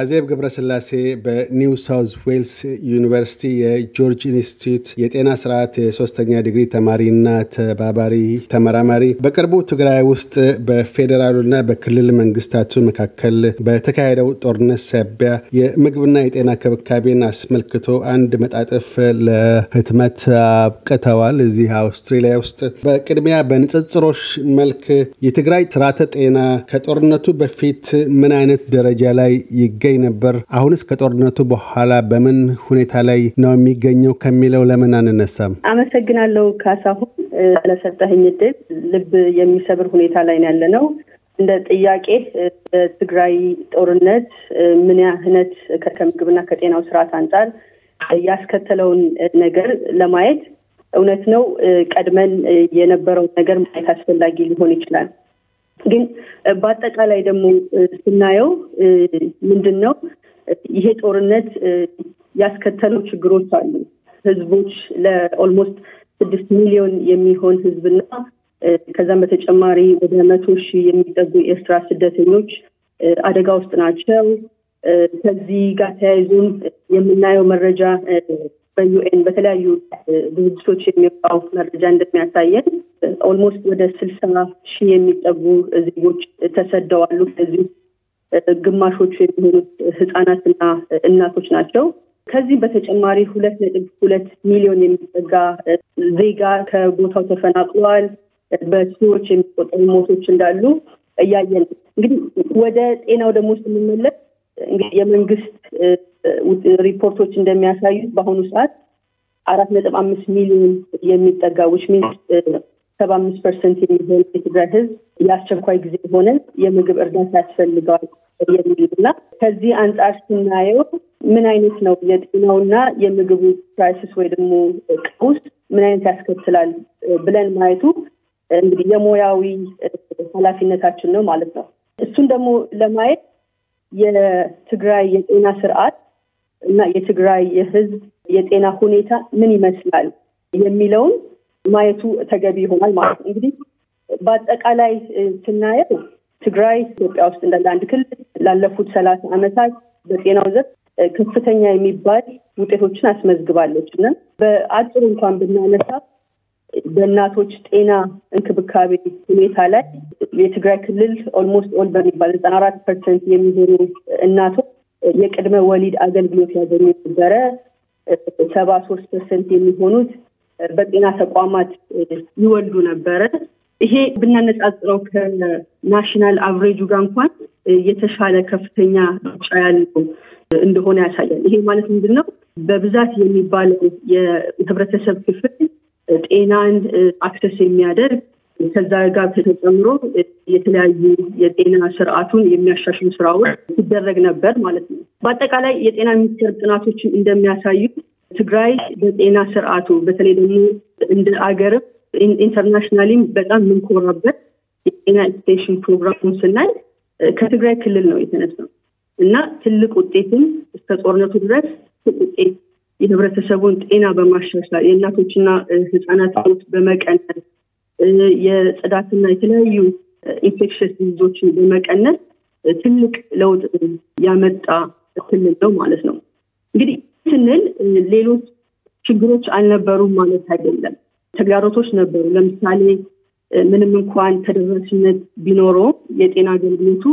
አዜብ ገብረስላሴ በኒው ሳውዝ ዌልስ ዩኒቨርሲቲ የጆርጅ ኢንስቲትዩት የጤና ስርዓት የሶስተኛ ዲግሪ ተማሪና ተባባሪ ተመራማሪ፣ በቅርቡ ትግራይ ውስጥ በፌዴራሉና በክልል መንግስታቱ መካከል በተካሄደው ጦርነት ሳቢያ የምግብና የጤና ክብካቤን አስመልክቶ አንድ መጣጥፍ ለህትመት አብቅተዋል እዚህ አውስትሬሊያ ውስጥ። በቅድሚያ በንጽጽሮች መልክ የትግራይ ስርዓተ ጤና ከጦርነቱ በፊት ምን አይነት ደረጃ ላይ ይገ ይገኝ ነበር? አሁንስ ከጦርነቱ በኋላ በምን ሁኔታ ላይ ነው የሚገኘው ከሚለው ለምን አንነሳም? አመሰግናለሁ ካሳሁን ለሰጠህኝ እድል። ልብ የሚሰብር ሁኔታ ላይ ያለ ነው። እንደ ጥያቄ በትግራይ ጦርነት ምን ያህነት ከምግብና ከጤናው ስርዓት አንጻር ያስከተለውን ነገር ለማየት እውነት ነው ቀድመን የነበረውን ነገር ማየት አስፈላጊ ሊሆን ይችላል። ግን በአጠቃላይ ደግሞ ስናየው ምንድን ነው ይሄ ጦርነት ያስከተሉ ችግሮች አሉ። ህዝቦች ለኦልሞስት ስድስት ሚሊዮን የሚሆን ህዝብና ከዛም በተጨማሪ ወደ መቶ ሺህ የሚጠጉ የኤርትራ ስደተኞች አደጋ ውስጥ ናቸው። ከዚህ ጋር ተያይዞም የምናየው መረጃ በዩኤን በተለያዩ ድርጅቶች የሚወጣው መረጃ እንደሚያሳየን ኦልሞስት ወደ ስልሳ ሺህ የሚጠጉ ዜጎች ተሰደዋሉ። ከዚህ ግማሾቹ የሚሆኑት ህጻናትና እናቶች ናቸው። ከዚህ በተጨማሪ ሁለት ነጥብ ሁለት ሚሊዮን የሚጠጋ ዜጋ ከቦታው ተፈናቅሏል። በሺዎች የሚቆጠሩ ሞቶች እንዳሉ እያየን እንግዲህ ወደ ጤናው ደግሞ ስንመለስ እንግዲህ የመንግስት ሪፖርቶች እንደሚያሳዩት በአሁኑ ሰዓት አራት ነጥብ አምስት ሚሊዮን የሚጠጋ ዊች ሚንስ ሰባ አምስት ፐርሰንት የሚሆን የትግራይ ህዝብ የአስቸኳይ ጊዜ ሆነ የምግብ እርዳታ ያስፈልገዋል የሚል እና ከዚህ አንጻር ስናየው ምን አይነት ነው የጤናውና የምግቡ ክራይሲስ ወይ ደግሞ ቀውስ ምን አይነት ያስከትላል ብለን ማየቱ እንግዲህ የሙያዊ ኃላፊነታችን ነው ማለት ነው። እሱን ደግሞ ለማየት የትግራይ የጤና ስርዓት እና የትግራይ የህዝብ የጤና ሁኔታ ምን ይመስላል የሚለውን ማየቱ ተገቢ ይሆናል ማለት ነው። እንግዲህ በአጠቃላይ ስናየው ትግራይ ኢትዮጵያ ውስጥ እንደ አንድ ክልል ላለፉት ሰላሳ ዓመታት በጤናው ዘርፍ ከፍተኛ የሚባል ውጤቶችን አስመዝግባለች እና በአጭሩ እንኳን ብናነሳ በእናቶች ጤና እንክብካቤ ሁኔታ ላይ የትግራይ ክልል ኦልሞስት ኦል በሚባል ዘጠና አራት ፐርሰንት የሚሆኑ እናቶች የቅድመ ወሊድ አገልግሎት ያገኙ ነበረ። ሰባ ሶስት ፐርሰንት የሚሆኑት በጤና ተቋማት ይወልዱ ነበረ። ይሄ ብናነጻጽረው ከናሽናል አቨሬጁ ጋር እንኳን የተሻለ ከፍተኛ ሩጫ ያለው እንደሆነ ያሳያል። ይሄ ማለት ምንድን ነው? በብዛት የሚባለው የህብረተሰብ ክፍል ጤናን አክሰስ የሚያደርግ ከዛ ጋር ተጨምሮ የተለያዩ የጤና ስርዓቱን የሚያሻሽሉ ስራዎች ሲደረግ ነበር ማለት ነው። በአጠቃላይ የጤና ሚኒስቴር ጥናቶችን እንደሚያሳዩ ትግራይ በጤና ስርዓቱ በተለይ ደግሞ እንደ አገርም ኢንተርናሽናሊም በጣም የምንኮራበት የጤና ኤክስቴንሽን ፕሮግራሙን ስናይ ከትግራይ ክልል ነው የተነሳው እና ትልቅ ውጤትም እስከ ጦርነቱ ድረስ ውጤት የህብረተሰቡን ጤና በማሻሻል የእናቶችና ህፃናት ት በመቀነስ የጽዳትና የተለያዩ ኢንፌክሽስ ዲዞችን በመቀነስ ትልቅ ለውጥ ያመጣ ክልል ነው ማለት ነው። እንግዲህ ስንል ሌሎች ችግሮች አልነበሩም ማለት አይደለም። ተግዳሮቶች ነበሩ። ለምሳሌ ምንም እንኳን ተደራሽነት ቢኖረውም የጤና አገልግሎቱ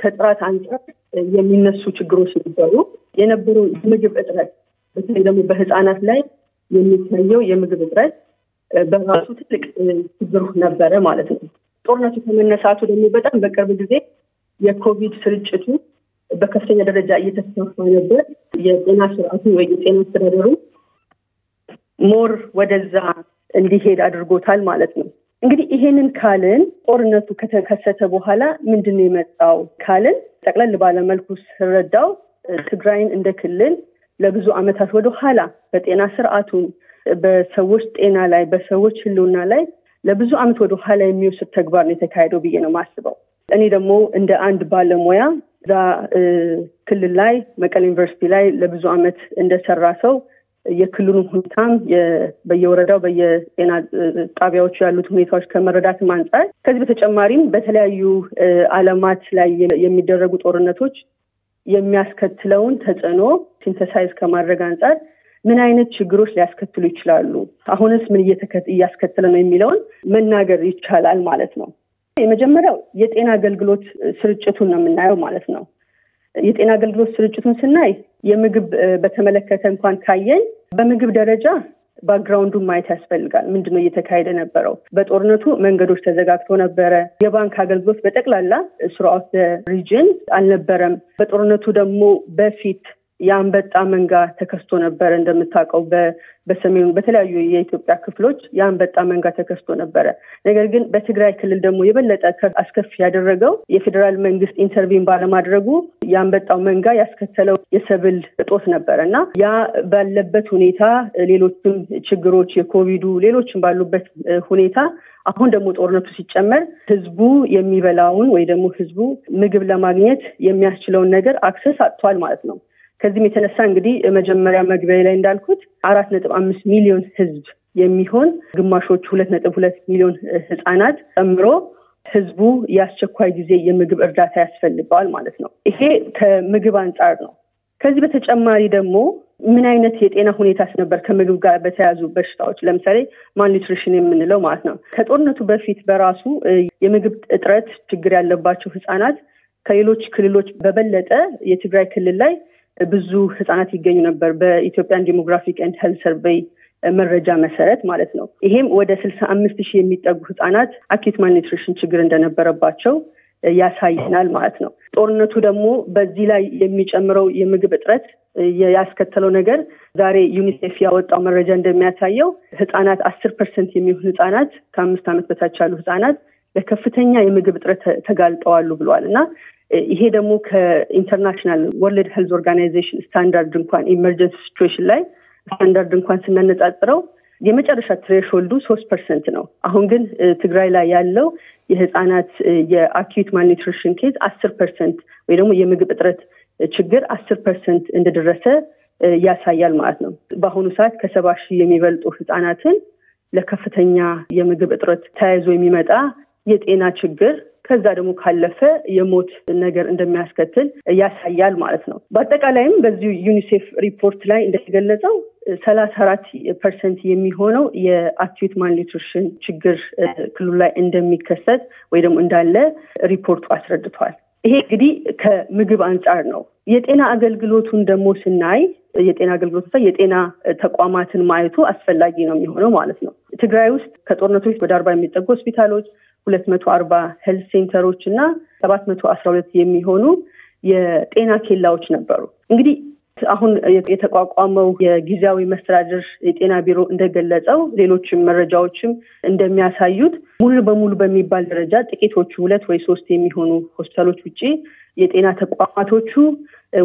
ከጥራት አንጻር የሚነሱ ችግሮች ነበሩ። የነበረው የምግብ እጥረት በተለይ ደግሞ በህፃናት ላይ የሚታየው የምግብ እጥረት በራሱ ትልቅ ችግር ነበረ ማለት ነው። ጦርነቱ ከመነሳቱ ደግሞ በጣም በቅርብ ጊዜ የኮቪድ ስርጭቱ በከፍተኛ ደረጃ ነበር። የጤና ስርዓቱ ወይ የጤና አስተዳደሩ ሞር ወደዛ እንዲሄድ አድርጎታል ማለት ነው። እንግዲህ ይሄንን ካልን ጦርነቱ ከተከሰተ በኋላ ምንድን ነው የመጣው ካልን ጠቅለል ባለመልኩ ስረዳው ትግራይን እንደ ክልል ለብዙ ዓመታት ወደ ኋላ በጤና ስርዓቱም በሰዎች ጤና ላይ በሰዎች ህልውና ላይ ለብዙ ዓመት ወደ ኋላ የሚወስድ ተግባር ነው የተካሄደው ብዬ ነው የማስበው። እኔ ደግሞ እንደ አንድ ባለሙያ እዛ ክልል ላይ መቀሌ ዩኒቨርሲቲ ላይ ለብዙ አመት እንደሰራ ሰው የክልሉን ሁኔታም በየወረዳው በየጤና ጣቢያዎቹ ያሉት ሁኔታዎች ከመረዳት አንጻር ከዚህ በተጨማሪም በተለያዩ አለማት ላይ የሚደረጉ ጦርነቶች የሚያስከትለውን ተጽዕኖ ሲንተሳይዝ ከማድረግ አንጻር ምን አይነት ችግሮች ሊያስከትሉ ይችላሉ፣ አሁንስ ምን እያስከተለ ነው የሚለውን መናገር ይቻላል ማለት ነው። የመጀመሪያው የጤና አገልግሎት ስርጭቱን ነው የምናየው ማለት ነው። የጤና አገልግሎት ስርጭቱን ስናይ የምግብ በተመለከተ እንኳን ካየን በምግብ ደረጃ ባክግራውንዱን ማየት ያስፈልጋል። ምንድን ነው እየተካሄደ ነበረው? በጦርነቱ መንገዶች ተዘጋግቶ ነበረ። የባንክ አገልግሎት በጠቅላላ ስርዓት ሪጅን አልነበረም። በጦርነቱ ደግሞ በፊት የአንበጣ መንጋ ተከስቶ ነበረ። እንደምታውቀው በሰሜኑ በተለያዩ የኢትዮጵያ ክፍሎች የአንበጣ መንጋ ተከስቶ ነበረ። ነገር ግን በትግራይ ክልል ደግሞ የበለጠ አስከፊ ያደረገው የፌዴራል መንግስት ኢንተርቪን ባለማድረጉ የአንበጣው መንጋ ያስከተለው የሰብል እጦት ነበረ እና ያ ባለበት ሁኔታ ሌሎችም ችግሮች የኮቪዱ ሌሎችም ባሉበት ሁኔታ አሁን ደግሞ ጦርነቱ ሲጨመር ህዝቡ የሚበላውን ወይ ደግሞ ህዝቡ ምግብ ለማግኘት የሚያስችለውን ነገር አክሰስ አጥቷል ማለት ነው። ከዚህም የተነሳ እንግዲህ መጀመሪያ መግቢያ ላይ እንዳልኩት አራት ነጥብ አምስት ሚሊዮን ህዝብ የሚሆን ግማሾቹ ሁለት ነጥብ ሁለት ሚሊዮን ህጻናት ጨምሮ ህዝቡ የአስቸኳይ ጊዜ የምግብ እርዳታ ያስፈልገዋል ማለት ነው። ይሄ ከምግብ አንጻር ነው። ከዚህ በተጨማሪ ደግሞ ምን አይነት የጤና ሁኔታስ ነበር ከምግብ ጋር በተያዙ በሽታዎች ለምሳሌ ማልኒትሪሽን የምንለው ማለት ነው። ከጦርነቱ በፊት በራሱ የምግብ እጥረት ችግር ያለባቸው ህጻናት ከሌሎች ክልሎች በበለጠ የትግራይ ክልል ላይ ብዙ ህጻናት ይገኙ ነበር በኢትዮጵያን ዲሞግራፊክ ኤንድ ሄልት ሰርቬይ መረጃ መሰረት ማለት ነው። ይሄም ወደ ስልሳ አምስት ሺህ የሚጠጉ ህጻናት አኪት ማልኒትሪሽን ችግር እንደነበረባቸው ያሳይናል ማለት ነው። ጦርነቱ ደግሞ በዚህ ላይ የሚጨምረው የምግብ እጥረት ያስከተለው ነገር ዛሬ ዩኒሴፍ ያወጣው መረጃ እንደሚያሳየው ህጻናት አስር ፐርሰንት የሚሆን ህጻናት ከአምስት ዓመት በታች ያሉ ህጻናት ለከፍተኛ የምግብ እጥረት ተጋልጠዋሉ ብለዋል እና ይሄ ደግሞ ከኢንተርናሽናል ወርልድ ሄልዝ ኦርጋናይዜሽን ስታንዳርድ እንኳን ኢመርጀንሲ ሲትዌሽን ላይ ስታንዳርድ እንኳን ስናነጻጽረው የመጨረሻ ትሬሾልዱ ሶስት ፐርሰንት ነው። አሁን ግን ትግራይ ላይ ያለው የህፃናት የአኪዩት ማልኒትሪሽን ኬዝ አስር ፐርሰንት ወይ ደግሞ የምግብ እጥረት ችግር አስር ፐርሰንት እንደደረሰ ያሳያል ማለት ነው። በአሁኑ ሰዓት ከሰባ ሺህ የሚበልጡ ህፃናትን ለከፍተኛ የምግብ እጥረት ተያይዞ የሚመጣ የጤና ችግር ከዛ ደግሞ ካለፈ የሞት ነገር እንደሚያስከትል ያሳያል ማለት ነው። በአጠቃላይም በዚሁ ዩኒሴፍ ሪፖርት ላይ እንደተገለጸው ሰላሳ አራት ፐርሰንት የሚሆነው የአኪዩት ማልኒትሪሽን ችግር ክልሉ ላይ እንደሚከሰት ወይ ደግሞ እንዳለ ሪፖርቱ አስረድቷል። ይሄ እንግዲህ ከምግብ አንጻር ነው። የጤና አገልግሎቱን ደግሞ ስናይ የጤና አገልግሎት የጤና ተቋማትን ማየቱ አስፈላጊ ነው የሚሆነው ማለት ነው። ትግራይ ውስጥ ከጦርነቶች ወደ አርባ የሚጠጉ ሆስፒታሎች ሁለት መቶ አርባ ሄልት ሴንተሮች እና ሰባት መቶ አስራ ሁለት የሚሆኑ የጤና ኬላዎች ነበሩ። እንግዲህ አሁን የተቋቋመው የጊዜያዊ መስተዳድር የጤና ቢሮ እንደገለጸው ሌሎችም መረጃዎችም እንደሚያሳዩት ሙሉ በሙሉ በሚባል ደረጃ ጥቂቶቹ ሁለት ወይ ሶስት የሚሆኑ ሆስፒታሎች ውጭ የጤና ተቋማቶቹ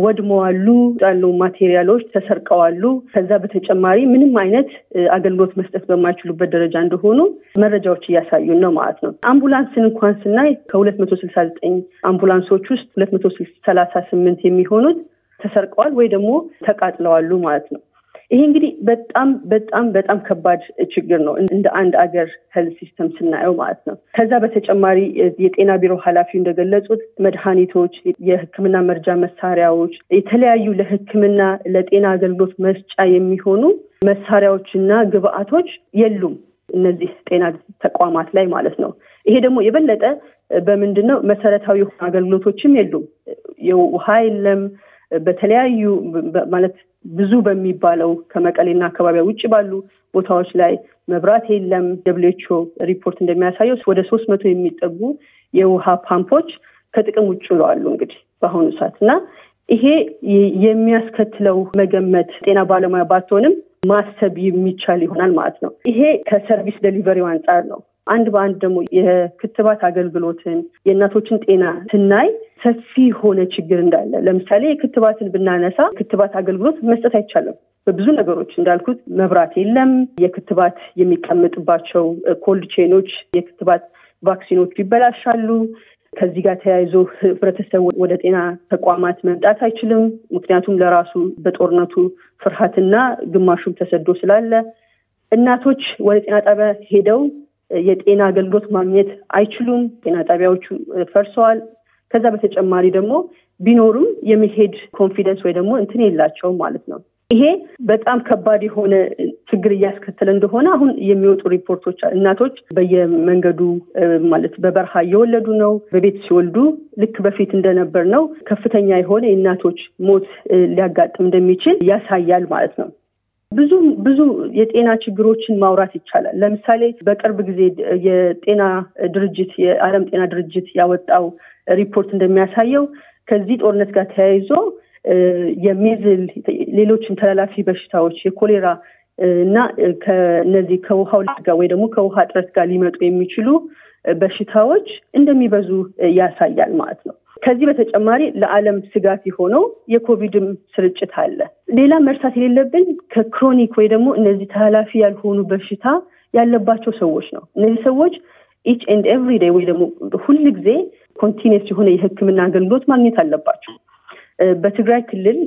ወድመዋሉ ያሉ ማቴሪያሎች ተሰርቀዋሉ። ከዛ በተጨማሪ ምንም አይነት አገልግሎት መስጠት በማይችሉበት ደረጃ እንደሆኑ መረጃዎች እያሳዩን ነው ማለት ነው። አምቡላንስን እንኳን ስናይ ከሁለት መቶ ስልሳ ዘጠኝ አምቡላንሶች ውስጥ ሁለት መቶ ሰላሳ ስምንት የሚሆኑት ተሰርቀዋል ወይ ደግሞ ተቃጥለዋሉ ማለት ነው። ይሄ እንግዲህ በጣም በጣም በጣም ከባድ ችግር ነው እንደ አንድ አገር ሄልት ሲስተም ስናየው ማለት ነው። ከዛ በተጨማሪ የጤና ቢሮ ኃላፊው እንደገለጹት መድኃኒቶች፣ የሕክምና መርጃ መሳሪያዎች፣ የተለያዩ ለሕክምና ለጤና አገልግሎት መስጫ የሚሆኑ መሳሪያዎችና ግብአቶች የሉም እነዚህ ጤና ተቋማት ላይ ማለት ነው። ይሄ ደግሞ የበለጠ በምንድን ነው መሰረታዊ አገልግሎቶችም የሉም። የውሃ የለም። በተለያዩ ማለት ብዙ በሚባለው ከመቀሌና አካባቢያ ውጭ ባሉ ቦታዎች ላይ መብራት የለም። ደብሊውኤችኦ ሪፖርት እንደሚያሳየው ወደ ሶስት መቶ የሚጠጉ የውሃ ፓምፖች ከጥቅም ውጭ ውለዋሉ እንግዲህ በአሁኑ ሰዓት እና ይሄ የሚያስከትለው መገመት ጤና ባለሙያ ባትሆንም ማሰብ የሚቻል ይሆናል ማለት ነው። ይሄ ከሰርቪስ ደሊቨሪው አንጻር ነው። አንድ በአንድ ደግሞ የክትባት አገልግሎትን የእናቶችን ጤና ስናይ ሰፊ የሆነ ችግር እንዳለ፣ ለምሳሌ የክትባትን ብናነሳ ክትባት አገልግሎት መስጠት አይቻልም። በብዙ ነገሮች እንዳልኩት መብራት የለም። የክትባት የሚቀመጥባቸው ኮልድ ቼኖች የክትባት ቫክሲኖች ይበላሻሉ። ከዚህ ጋር ተያይዞ ህብረተሰብ ወደ ጤና ተቋማት መምጣት አይችልም። ምክንያቱም ለራሱ በጦርነቱ ፍርሃትና ግማሹም ተሰዶ ስላለ እናቶች ወደ ጤና ጣቢያ ሄደው የጤና አገልግሎት ማግኘት አይችሉም። ጤና ጣቢያዎቹ ፈርሰዋል። ከዛ በተጨማሪ ደግሞ ቢኖሩም የመሄድ ኮንፊደንስ ወይ ደግሞ እንትን የላቸውም ማለት ነው። ይሄ በጣም ከባድ የሆነ ችግር እያስከተለ እንደሆነ አሁን የሚወጡ ሪፖርቶች፣ እናቶች በየመንገዱ ማለት በበረሃ እየወለዱ ነው። በቤት ሲወልዱ ልክ በፊት እንደነበር ነው። ከፍተኛ የሆነ የእናቶች ሞት ሊያጋጥም እንደሚችል ያሳያል ማለት ነው። ብዙ ብዙ የጤና ችግሮችን ማውራት ይቻላል። ለምሳሌ በቅርብ ጊዜ የጤና ድርጅት የዓለም ጤና ድርጅት ያወጣው ሪፖርት እንደሚያሳየው ከዚህ ጦርነት ጋር ተያይዞ የሚዝል ሌሎችን ተላላፊ በሽታዎች የኮሌራ እና ከነዚህ ከውሃው ልት ጋር ወይ ደግሞ ከውሃ እጥረት ጋር ሊመጡ የሚችሉ በሽታዎች እንደሚበዙ ያሳያል ማለት ነው። ከዚህ በተጨማሪ ለዓለም ስጋት የሆነው የኮቪድም ስርጭት አለ። ሌላ መርሳት የሌለብን ከክሮኒክ ወይ ደግሞ እነዚህ ተላላፊ ያልሆኑ በሽታ ያለባቸው ሰዎች ነው። እነዚህ ሰዎች ኢች ኤንድ ኤቭሪ ዴይ ወይ ደግሞ ሁል ጊዜ ኮንቲኒስ የሆነ የሕክምና አገልግሎት ማግኘት አለባቸው። በትግራይ ክልል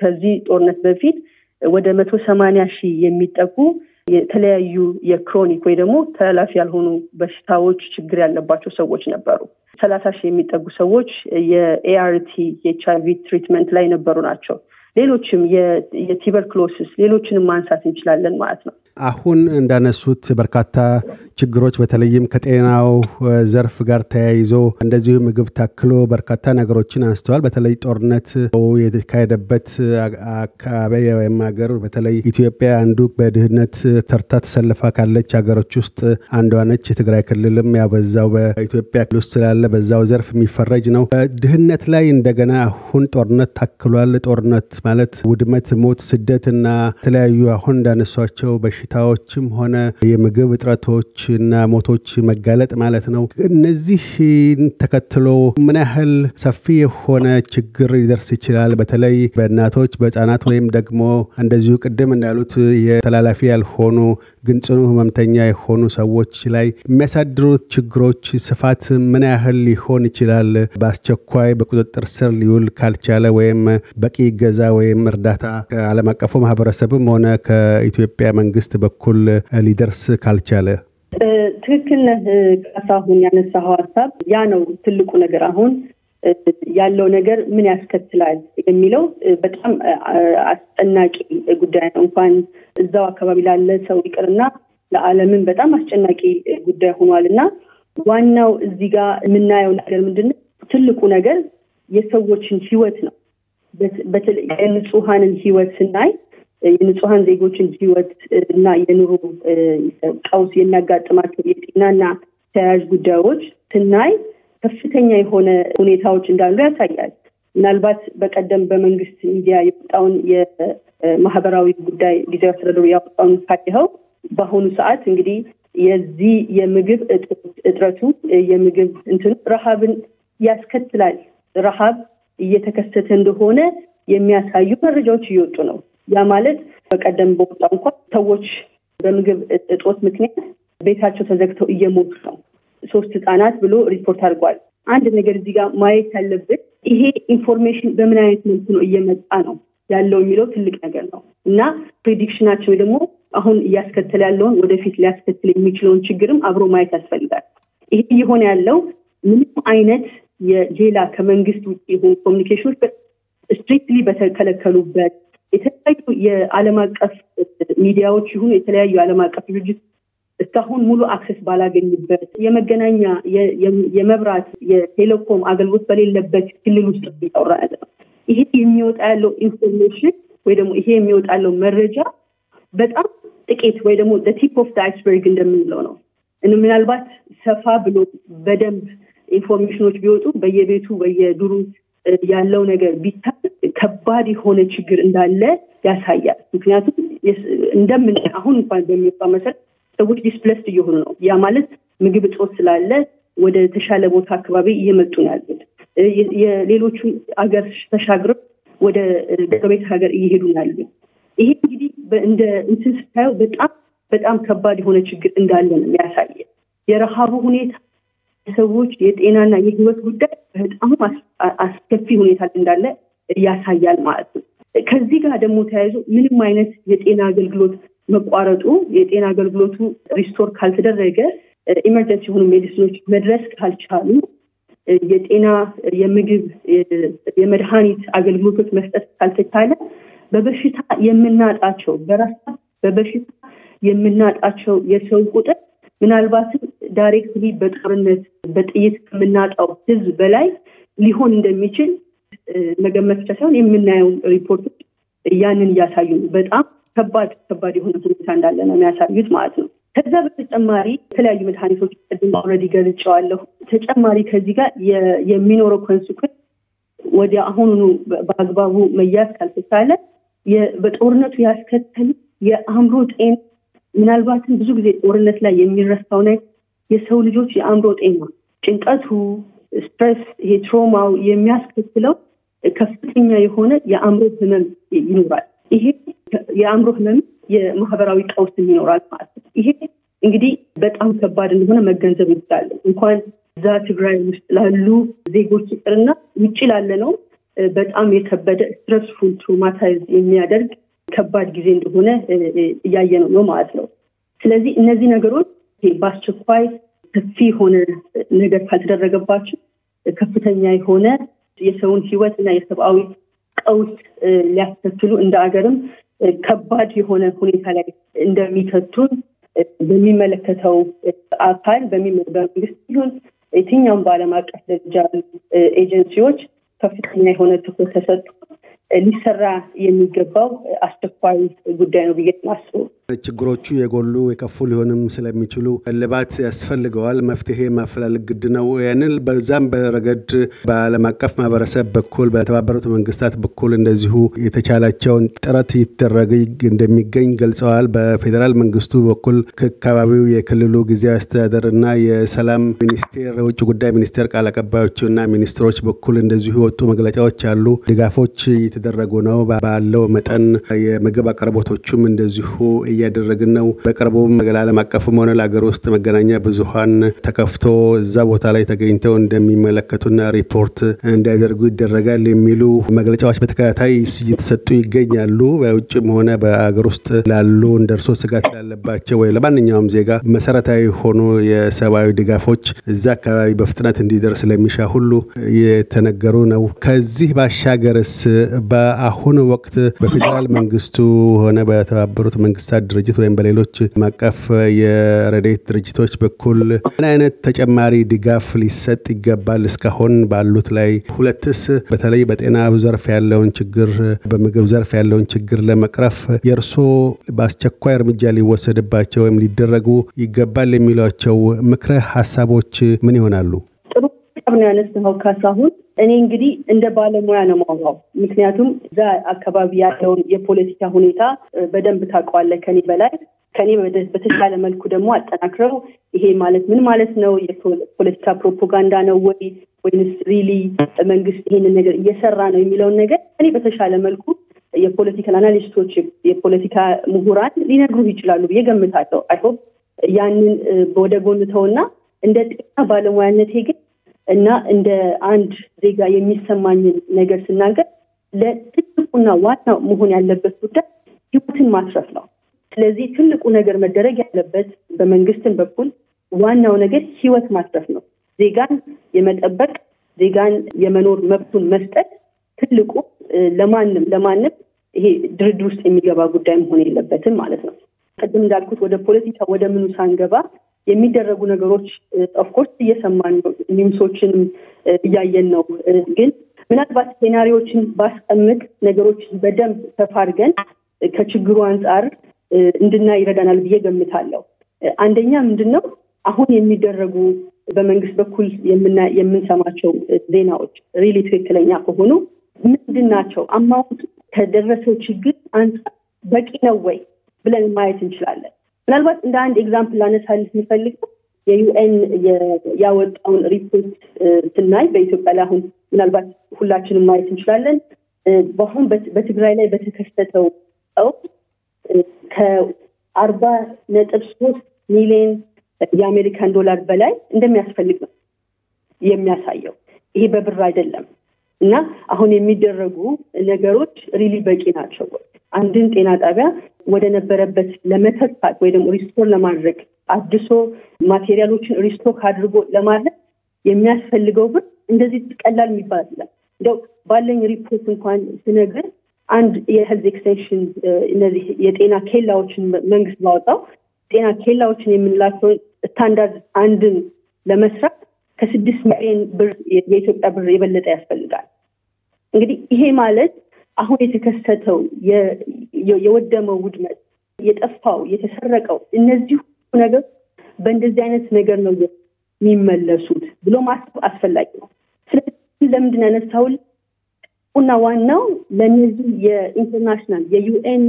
ከዚህ ጦርነት በፊት ወደ መቶ ሰማንያ ሺህ የሚጠጉ የተለያዩ የክሮኒክ ወይ ደግሞ ተላላፊ ያልሆኑ በሽታዎች ችግር ያለባቸው ሰዎች ነበሩ። ሰላሳ ሺህ የሚጠጉ ሰዎች የኤአርቲ የኤች አይቪ ትሪትመንት ላይ የነበሩ ናቸው። ሌሎችም የቲበርክሎሲስ ሌሎችንም ማንሳት እንችላለን ማለት ነው። አሁን እንዳነሱት በርካታ ችግሮች በተለይም ከጤናው ዘርፍ ጋር ተያይዞ እንደዚሁ ምግብ ታክሎ በርካታ ነገሮችን አንስተዋል። በተለይ ጦርነት የተካሄደበት አካባቢ ወይም ሀገር በተለይ ኢትዮጵያ አንዱ በድህነት ተርታ ተሰልፋ ካለች ሀገሮች ውስጥ አንዷ ነች። የትግራይ ክልልም በዛው በኢትዮጵያ ክልል ውስጥ ስላለ በዛው ዘርፍ የሚፈረጅ ነው። ድህነት ላይ እንደገና አሁን ጦርነት ታክሏል። ጦርነት ማለት ውድመት፣ ሞት፣ ስደት እና የተለያዩ አሁን እንዳነሷቸው በሺ በሽታዎችም ሆነ የምግብ እጥረቶች እና ሞቶች መጋለጥ ማለት ነው። እነዚህን ተከትሎ ምን ያህል ሰፊ የሆነ ችግር ሊደርስ ይችላል? በተለይ በእናቶች በህጻናት ወይም ደግሞ እንደዚሁ ቅድም እንዳሉት የተላላፊ ያልሆኑ ግን ጽኑ ህመምተኛ የሆኑ ሰዎች ላይ የሚያሳድሩት ችግሮች ስፋት ምን ያህል ሊሆን ይችላል? በአስቸኳይ በቁጥጥር ስር ሊውል ካልቻለ ወይም በቂ ገዛ ወይም እርዳታ ከዓለም አቀፉ ማህበረሰብም ሆነ ከኢትዮጵያ መንግስት በኩል ሊደርስ ካልቻለ? ትክክል ነህ ካሳሁን፣ ያነሳኸው ሀሳብ ያ ነው ትልቁ ነገር አሁን ያለው ነገር ምን ያስከትላል የሚለው በጣም አስጨናቂ ጉዳይ ነው። እንኳን እዛው አካባቢ ላለ ሰው ይቅርና ለአለምን በጣም አስጨናቂ ጉዳይ ሆኗል እና ዋናው እዚህ ጋር የምናየው ነገር ምንድነው? ትልቁ ነገር የሰዎችን ህይወት ነው። በተለይ ህይወት ስናይ የንጹሀን ዜጎችን ህይወት እና የኑሮ ቀውስ የሚያጋጥማቸው የጤናና ተያያዥ ጉዳዮች ስናይ ከፍተኛ የሆነ ሁኔታዎች እንዳሉ ያሳያል። ምናልባት በቀደም በመንግስት ሚዲያ የወጣውን የማህበራዊ ጉዳይ ጊዜ አስተዳደሩ ያወጣውን ካየኸው በአሁኑ ሰዓት እንግዲህ የዚህ የምግብ እጥረቱ የምግብ እንትኑ ረሃብን ያስከትላል። ረሃብ እየተከሰተ እንደሆነ የሚያሳዩ መረጃዎች እየወጡ ነው። ያ ማለት በቀደም በወጣ እንኳን ሰዎች በምግብ እጦት ምክንያት ቤታቸው ተዘግተው እየሞቱ ነው። ሶስት ህጻናት ብሎ ሪፖርት አድርጓል። አንድ ነገር እዚህ ጋር ማየት ያለብን ይሄ ኢንፎርሜሽን በምን አይነት መልኩ ነው እየመጣ ነው ያለው የሚለው ትልቅ ነገር ነው እና ፕሬዲክሽናችን ደግሞ አሁን እያስከተለ ያለውን ወደፊት ሊያስከትል የሚችለውን ችግርም አብሮ ማየት ያስፈልጋል። ይሄ እየሆነ ያለው ምንም አይነት የሌላ ከመንግስት ውጭ የሆኑ ኮሚኒኬሽኖች ስትሪክትሊ በተከለከሉበት የተለያዩ የዓለም አቀፍ ሚዲያዎች ይሁን የተለያዩ የዓለም አቀፍ ድርጅት እስካሁን ሙሉ አክሰስ ባላገኝበት የመገናኛ የመብራት የቴሌኮም አገልግሎት በሌለበት ክልል ውስጥ እያወራ ያለ ነው። ይሄ የሚወጣ ያለው ኢንፎርሜሽን ወይ ደግሞ ይሄ የሚወጣ ያለው መረጃ በጣም ጥቂት ወይ ደግሞ ቲፕ ኦፍ አይስበርግ እንደምንለው ነው። ምናልባት ሰፋ ብሎ በደንብ ኢንፎርሜሽኖች ቢወጡ በየቤቱ በየዱሩ ያለው ነገር ቢታ ከባድ የሆነ ችግር እንዳለ ያሳያል። ምክንያቱም እንደምን አሁን እንኳን በሚባ መሰረት ሰዎች ዲስፕለስድ እየሆኑ ነው። ያ ማለት ምግብ እጦት ስላለ ወደ ተሻለ ቦታ አካባቢ እየመጡ ነው ያሉት። የሌሎቹ አገር ተሻግረው ወደ ጎረቤት ሀገር እየሄዱ ነው ያሉት። ይሄ እንግዲህ እንደ እንትን ስታየው በጣም በጣም ከባድ የሆነ ችግር እንዳለ ነው የሚያሳየ የረሃቡ ሁኔታ የሰዎች የጤናና የህይወት ጉዳይ በጣም አስከፊ ሁኔታ እንዳለ ያሳያል ማለት ነው። ከዚህ ጋር ደግሞ ተያይዞ ምንም አይነት የጤና አገልግሎት መቋረጡ የጤና አገልግሎቱ ሪስቶር ካልተደረገ ኢመርጀንሲ የሆኑ ሜዲሲኖች መድረስ ካልቻሉ የጤና የምግብ፣ የመድኃኒት አገልግሎቶች መስጠት ካልተቻለ በበሽታ የምናጣቸው በራሳ በበሽታ የምናጣቸው የሰው ቁጥር ምናልባትም ዳይሬክትሊ በጦርነት በጥይት ከምናጣው ህዝብ በላይ ሊሆን እንደሚችል መገመት ብቻ ሳይሆን የምናየው ሪፖርቶች ያንን እያሳዩ ነው። በጣም ከባድ ከባድ የሆነ ሁኔታ እንዳለ ነው የሚያሳዩት ማለት ነው። ከዛ በተጨማሪ የተለያዩ መድኃኒቶች ቅድም ኦልሬዲ ተጨማሪ ከዚህ ጋር የሚኖረው ኮንስኩንስ ወደ አሁኑኑ በአግባቡ መያዝ ካልተቻለ በጦርነቱ ያስከተሉ የአእምሮ ጤና ምናልባትም ብዙ ጊዜ ጦርነት ላይ የሚረሳው ነገር የሰው ልጆች የአእምሮ ጤና ጭንቀቱ፣ ስትረስ፣ ይሄ ትሮማው የሚያስከትለው ከፍተኛ የሆነ የአእምሮ ህመም ይኖራል። ይሄ የአእምሮ ህመም የማህበራዊ ቀውስም ይኖራል ማለት ነው። ይሄ እንግዲህ በጣም ከባድ እንደሆነ መገንዘብ እንችላለን። እንኳን እዛ ትግራይ ውስጥ ላሉ ዜጎች ይቅርና ውጭ ላለ ነው በጣም የከበደ ስትረስፉል ትሮማታይዝ የሚያደርግ ከባድ ጊዜ እንደሆነ እያየ ነው ነው ማለት ነው። ስለዚህ እነዚህ ነገሮች በአስቸኳይ ሰፊ የሆነ ነገር ካልተደረገባቸው ከፍተኛ የሆነ የሰውን ህይወት እና የሰብአዊ ቀውስ ሊያስከትሉ እንደ አገርም ከባድ የሆነ ሁኔታ ላይ እንደሚከቱን በሚመለከተው አካል በመንግስት ሲሆን የትኛውም በዓለም አቀፍ ደረጃ ኤጀንሲዎች ከፍተኛ የሆነ ትኩረት ተሰጥቶ ሊሰራ የሚገባው አስቸኳይ ጉዳይ ነው ብዬ ማስበው። ችግሮቹ የጎሉ የከፉ ሊሆንም ስለሚችሉ እልባት ያስፈልገዋል። መፍትሄ ማፈላለግ ግድ ነው። ያንን በዛም በረገድ በዓለም አቀፍ ማህበረሰብ በኩል በተባበሩት መንግስታት በኩል እንደዚሁ የተቻላቸውን ጥረት ይደረግ እንደሚገኝ ገልጸዋል። በፌዴራል መንግስቱ በኩል ከአካባቢው የክልሉ ጊዜያዊ አስተዳደር እና የሰላም ሚኒስቴር የውጭ ጉዳይ ሚኒስቴር ቃል አቀባዮች እና ሚኒስትሮች በኩል እንደዚሁ የወጡ መግለጫዎች አሉ። ድጋፎች እየተደረጉ ነው። ባለው መጠን የምግብ አቅርቦቶቹም እንደዚሁ እያደረግን ነው። በቅርቡም ለዓለም አቀፍም ሆነ ለሀገር ውስጥ መገናኛ ብዙሀን ተከፍቶ እዛ ቦታ ላይ ተገኝተው እንደሚመለከቱና ሪፖርት እንዲያደርጉ ይደረጋል የሚሉ መግለጫዎች በተከታታይ እየተሰጡ ይገኛሉ። በውጭም ሆነ በአገር ውስጥ ላሉ እንደርሶ ስጋት ላለባቸው ወይ ለማንኛውም ዜጋ መሰረታዊ ሆኑ የሰብአዊ ድጋፎች እዛ አካባቢ በፍጥነት እንዲደርስ ለሚሻ ሁሉ የተነገሩ ነው። ከዚህ ባሻገርስ በአሁኑ ወቅት በፌዴራል መንግስቱ ሆነ በተባበሩት መንግስታት መንግስታት ድርጅት ወይም በሌሎች ማቀፍ የረዴት ድርጅቶች በኩል ምን አይነት ተጨማሪ ድጋፍ ሊሰጥ ይገባል? እስካሁን ባሉት ላይ ሁለትስ፣ በተለይ በጤና ዘርፍ ያለውን ችግር፣ በምግብ ዘርፍ ያለውን ችግር ለመቅረፍ የእርሶ በአስቸኳይ እርምጃ ሊወሰድባቸው ወይም ሊደረጉ ይገባል የሚሏቸው ምክረ ሀሳቦች ምን ይሆናሉ? ሀሳብ ነው ያነሳኸው ካሳሁን። እኔ እንግዲህ እንደ ባለሙያ ነው ማውራው፣ ምክንያቱም እዛ አካባቢ ያለውን የፖለቲካ ሁኔታ በደንብ ታውቀዋለህ ከኔ በላይ ከኔ በተሻለ መልኩ ደግሞ አጠናክረው ይሄ ማለት ምን ማለት ነው? የፖለቲካ ፕሮፓጋንዳ ነው ወይ ወይንስ ሪሊ መንግስት ይሄንን ነገር እየሰራ ነው የሚለውን ነገር ከኔ በተሻለ መልኩ የፖለቲካል አናሊስቶች፣ የፖለቲካ ምሁራን ሊነግሩህ ይችላሉ ብዬ ገምታለሁ። አይሆን ያንን ወደ ጎን ተውና እንደ ጤና ባለሙያነቴ ግን እና እንደ አንድ ዜጋ የሚሰማኝን ነገር ስናገር ለትልቁና ዋናው መሆን ያለበት ጉዳይ ህይወትን ማስረፍ ነው። ስለዚህ ትልቁ ነገር መደረግ ያለበት በመንግስትን በኩል ዋናው ነገር ህይወት ማስረፍ ነው። ዜጋን የመጠበቅ ዜጋን የመኖር መብቱን መስጠት ትልቁ ለማንም ለማንም ይሄ ድርድር ውስጥ የሚገባ ጉዳይ መሆን የለበትም ማለት ነው። ቅድም እንዳልኩት ወደ ፖለቲካ ወደ ምኑ ሳንገባ የሚደረጉ ነገሮች ኦፍኮርስ እየሰማን ነው፣ እያየን ነው። ግን ምናልባት ሴናሪዎችን ባስቀምጥ ነገሮች በደንብ ተፋርገን ከችግሩ አንጻር እንድናይ ይረዳናል ብዬ ገምታለሁ። አንደኛ ምንድን ነው አሁን የሚደረጉ በመንግስት በኩል የምንሰማቸው ዜናዎች ሪሊ ትክክለኛ ከሆኑ ምንድን ናቸው? አማውንቱ ከደረሰው ችግር አንጻር በቂ ነው ወይ ብለን ማየት እንችላለን። ምናልባት እንደ አንድ ኤግዛምፕል ላነሳልህ የሚፈልገው የዩኤን ያወጣውን ሪፖርት ስናይ በኢትዮጵያ ላይ አሁን ምናልባት ሁላችንም ማየት እንችላለን። በአሁን በትግራይ ላይ በተከሰተው ቀውስ ከአርባ ነጥብ ሶስት ሚሊዮን የአሜሪካን ዶላር በላይ እንደሚያስፈልግ ነው የሚያሳየው። ይሄ በብር አይደለም እና አሁን የሚደረጉ ነገሮች ሪሊ በቂ ናቸው። አንድን ጤና ጣቢያ ወደ ነበረበት ለመተካት ወይ ደግሞ ሪስቶር ለማድረግ አድሶ ማቴሪያሎችን ሪስቶክ አድርጎ ለማድረግ የሚያስፈልገው ብር እንደዚህ ቀላል የሚባል አይደለም። እንደው ባለኝ ሪፖርት እንኳን ስነግር አንድ የሄልዝ ኤክስቴንሽን እነዚህ የጤና ኬላዎችን መንግስት ባወጣው ጤና ኬላዎችን የምንላቸውን ስታንዳርድ አንድን ለመስራት ከስድስት ሚሊዮን ብር የኢትዮጵያ ብር የበለጠ ያስፈልጋል። እንግዲህ ይሄ ማለት አሁን የተከሰተው የወደመው ውድመት፣ የጠፋው፣ የተሰረቀው እነዚህ ነገር በእንደዚህ አይነት ነገር ነው የሚመለሱት ብሎ ማሰብ አስፈላጊ ነው። ስለዚህ ለምንድን ያነሳውል እና ዋናው ለእነዚህ የኢንተርናሽናል የዩኤን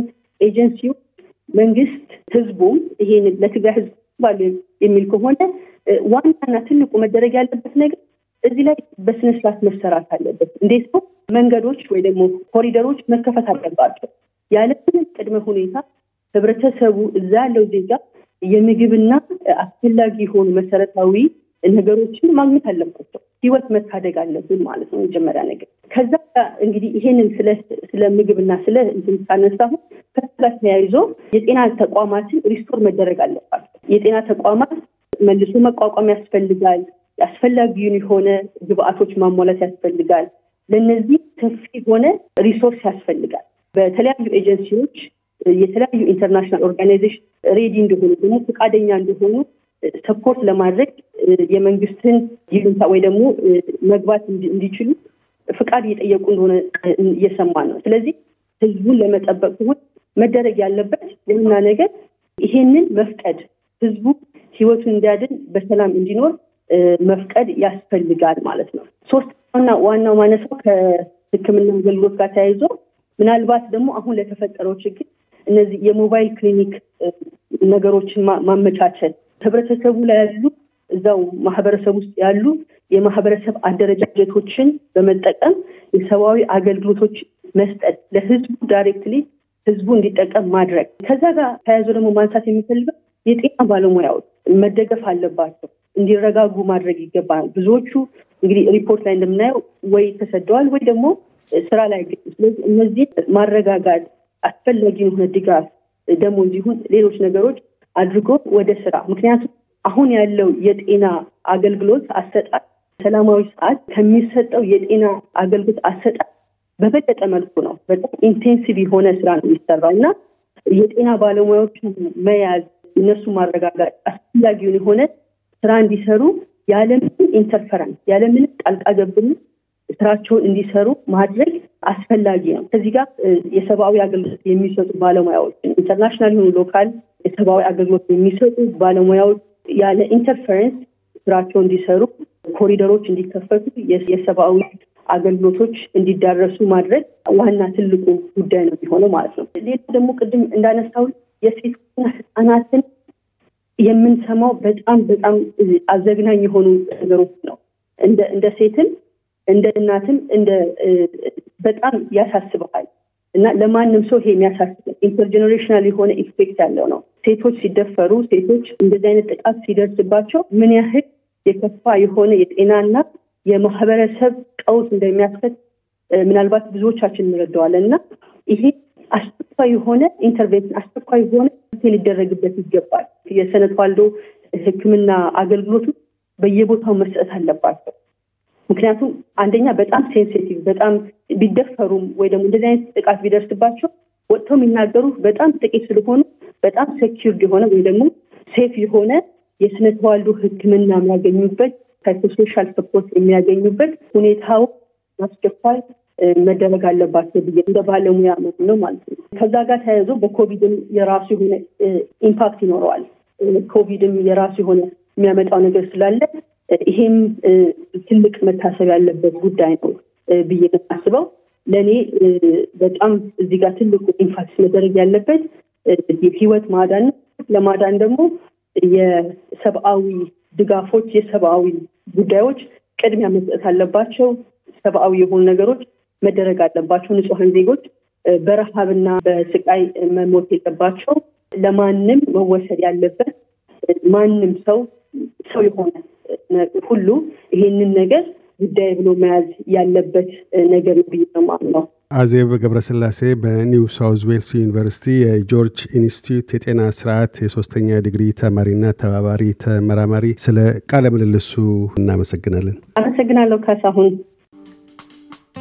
ኤጀንሲ መንግስት፣ ህዝቡም ይሄን ለትግራይ ህዝብ ባሉ የሚል ከሆነ ዋናና ትልቁ መደረግ ያለበት ነገር እዚህ ላይ በስነስርዓት መሰራት አለበት። እንዴት ነው መንገዶች ወይ ደግሞ ኮሪደሮች መከፈት አለባቸው። ያለምንም ቅድመ ሁኔታ ህብረተሰቡ እዛ ያለው ዜጋ የምግብና አስፈላጊ የሆኑ መሰረታዊ ነገሮችን ማግኘት አለባቸው። ህይወት መታደግ አለብን ማለት ነው። መጀመሪያ ነገር ከዛ እንግዲህ ይሄንን ስለ ምግብና ስለ እንትን ሳነሳሁ ተያይዞ የጤና ተቋማትን ሪስቶር መደረግ አለባቸው። የጤና ተቋማት መልሶ መቋቋም ያስፈልጋል። አስፈላጊውን የሆነ ግብአቶች ማሟላት ያስፈልጋል። ለነዚህ ሰፊ የሆነ ሪሶርስ ያስፈልጋል። በተለያዩ ኤጀንሲዎች የተለያዩ ኢንተርናሽናል ኦርጋናይዜሽን ሬዲ እንደሆኑ ደግሞ ፈቃደኛ እንደሆኑ ሰፖርት ለማድረግ የመንግስትን ይሉንታ ወይ ደግሞ መግባት እንዲችሉ ፍቃድ እየጠየቁ እንደሆነ እየሰማ ነው። ስለዚህ ህዝቡን ለመጠበቅ ሲሆን መደረግ ያለበት ይህና ነገር ይሄንን መፍቀድ ህዝቡ ህይወቱን እንዲያድን በሰላም እንዲኖር መፍቀድ ያስፈልጋል ማለት ነው። ሶስት ዋና ዋናው ማነሳው ከህክምና አገልግሎት ጋር ተያይዞ ምናልባት ደግሞ አሁን ለተፈጠረው ችግር እነዚህ የሞባይል ክሊኒክ ነገሮችን ማመቻቸት ህብረተሰቡ ላይ ያሉ እዛው ማህበረሰብ ውስጥ ያሉ የማህበረሰብ አደረጃጀቶችን በመጠቀም የሰብአዊ አገልግሎቶች መስጠት ለህዝቡ ዳይሬክትሊ ህዝቡ እንዲጠቀም ማድረግ። ከዛ ጋር ተያይዞ ደግሞ ማንሳት የሚፈልገው የጤና ባለሙያዎች መደገፍ አለባቸው፣ እንዲረጋጉ ማድረግ ይገባል። ብዙዎቹ እንግዲህ ሪፖርት ላይ እንደምናየው ወይ ተሰደዋል ወይ ደግሞ ስራ ላይ አይገኙም። ስለዚህ እነዚህ ማረጋጋት አስፈላጊ የሆነ ድጋፍ ደግሞ እንዲሁን ሌሎች ነገሮች አድርጎ ወደ ስራ ምክንያቱም አሁን ያለው የጤና አገልግሎት አሰጣት ሰላማዊ ሰዓት ከሚሰጠው የጤና አገልግሎት አሰጣት በበለጠ መልኩ ነው። በጣም ኢንቴንሲቭ የሆነ ስራ ነው የሚሰራው እና የጤና ባለሙያዎችን መያዝ እነሱ ማረጋጋት አስፈላጊውን የሆነ ስራ እንዲሰሩ ያለምንም ኢንተርፈረንስ ያለምንም ጣልቃ ገብነት ስራቸውን እንዲሰሩ ማድረግ አስፈላጊ ነው። ከዚህ ጋር የሰብአዊ አገልግሎት የሚሰጡ ባለሙያዎች ኢንተርናሽናል የሆኑ ሎካል የሰብአዊ አገልግሎት የሚሰጡ ባለሙያዎች ያለ ኢንተርፈረንስ ስራቸው እንዲሰሩ፣ ኮሪደሮች እንዲከፈቱ፣ የሰብአዊ አገልግሎቶች እንዲዳረሱ ማድረግ ዋና ትልቁ ጉዳይ ነው የሚሆነው ማለት ነው። ሌላ ደግሞ ቅድም እንዳነሳው የሴቶችና ህጻናትን የምንሰማው በጣም በጣም አዘግናኝ የሆኑ ነገሮች ነው። እንደ ሴትም እንደ እናትም እንደ በጣም ያሳስበሃል እና ለማንም ሰው ይሄ የሚያሳስበ ኢንተርጀኔሬሽናል የሆነ ኢፌክት ያለው ነው። ሴቶች ሲደፈሩ፣ ሴቶች እንደዚህ አይነት ጥቃት ሲደርስባቸው ምን ያህል የከፋ የሆነ የጤናና የማህበረሰብ ቀውስ እንደሚያስከት ምናልባት ብዙዎቻችን እንረዳዋለን እና ይሄ አስቸኳይ የሆነ ኢንተርቬንሽን አስቸኳይ የሆነ ሊደረግበት ይገባል። የሰነ ተዋልዶ ሕክምና አገልግሎቱ በየቦታው መስጠት አለባቸው። ምክንያቱም አንደኛ በጣም ሴንሲቲቭ በጣም ቢደፈሩም ወይ ደግሞ እንደዚህ አይነት ጥቃት ቢደርስባቸው ወጥተው የሚናገሩ በጣም ጥቂት ስለሆኑ በጣም ሴኪርድ የሆነ ወይ ደግሞ ሴፍ የሆነ የስነ ተዋልዶ ሕክምና የሚያገኙበት ሳይኮሶሻል ሰፖርት የሚያገኙበት ሁኔታው ማስቸኳይ መደረግ አለባቸው ብዬ እንደ ባለሙያ ነው ማለት ነው። ከዛ ጋር ተያይዞ በኮቪድም የራሱ የሆነ ኢምፓክት ይኖረዋል። ኮቪድም የራሱ የሆነ የሚያመጣው ነገር ስላለ ይሄም ትልቅ መታሰብ ያለበት ጉዳይ ነው ብዬ አስበው። ለእኔ በጣም እዚህ ጋር ትልቁ ኢንፋክስ መደረግ ያለበት የህይወት ማዳን ነው። ለማዳን ደግሞ የሰብአዊ ድጋፎች፣ የሰብአዊ ጉዳዮች ቅድሚያ መስጠት አለባቸው። ሰብአዊ የሆኑ ነገሮች መደረግ አለባቸው። ንጹሐን ዜጎች በረሃብና በስቃይ መሞት የለባቸው። ለማንም መወሰድ ያለበት ማንም ሰው ሰው የሆነ ሁሉ ይሄንን ነገር ጉዳይ ብሎ መያዝ ያለበት ነገር ነው ብዬ ነው የማምነው። አዜብ ገብረስላሴ በኒው ሳውዝ ዌልስ ዩኒቨርሲቲ የጆርጅ ኢንስቲትዩት የጤና ስርዓት የሶስተኛ ዲግሪ ተማሪና ተባባሪ ተመራማሪ፣ ስለ ቃለ ምልልሱ እናመሰግናለን። አመሰግናለሁ ካሳሁን።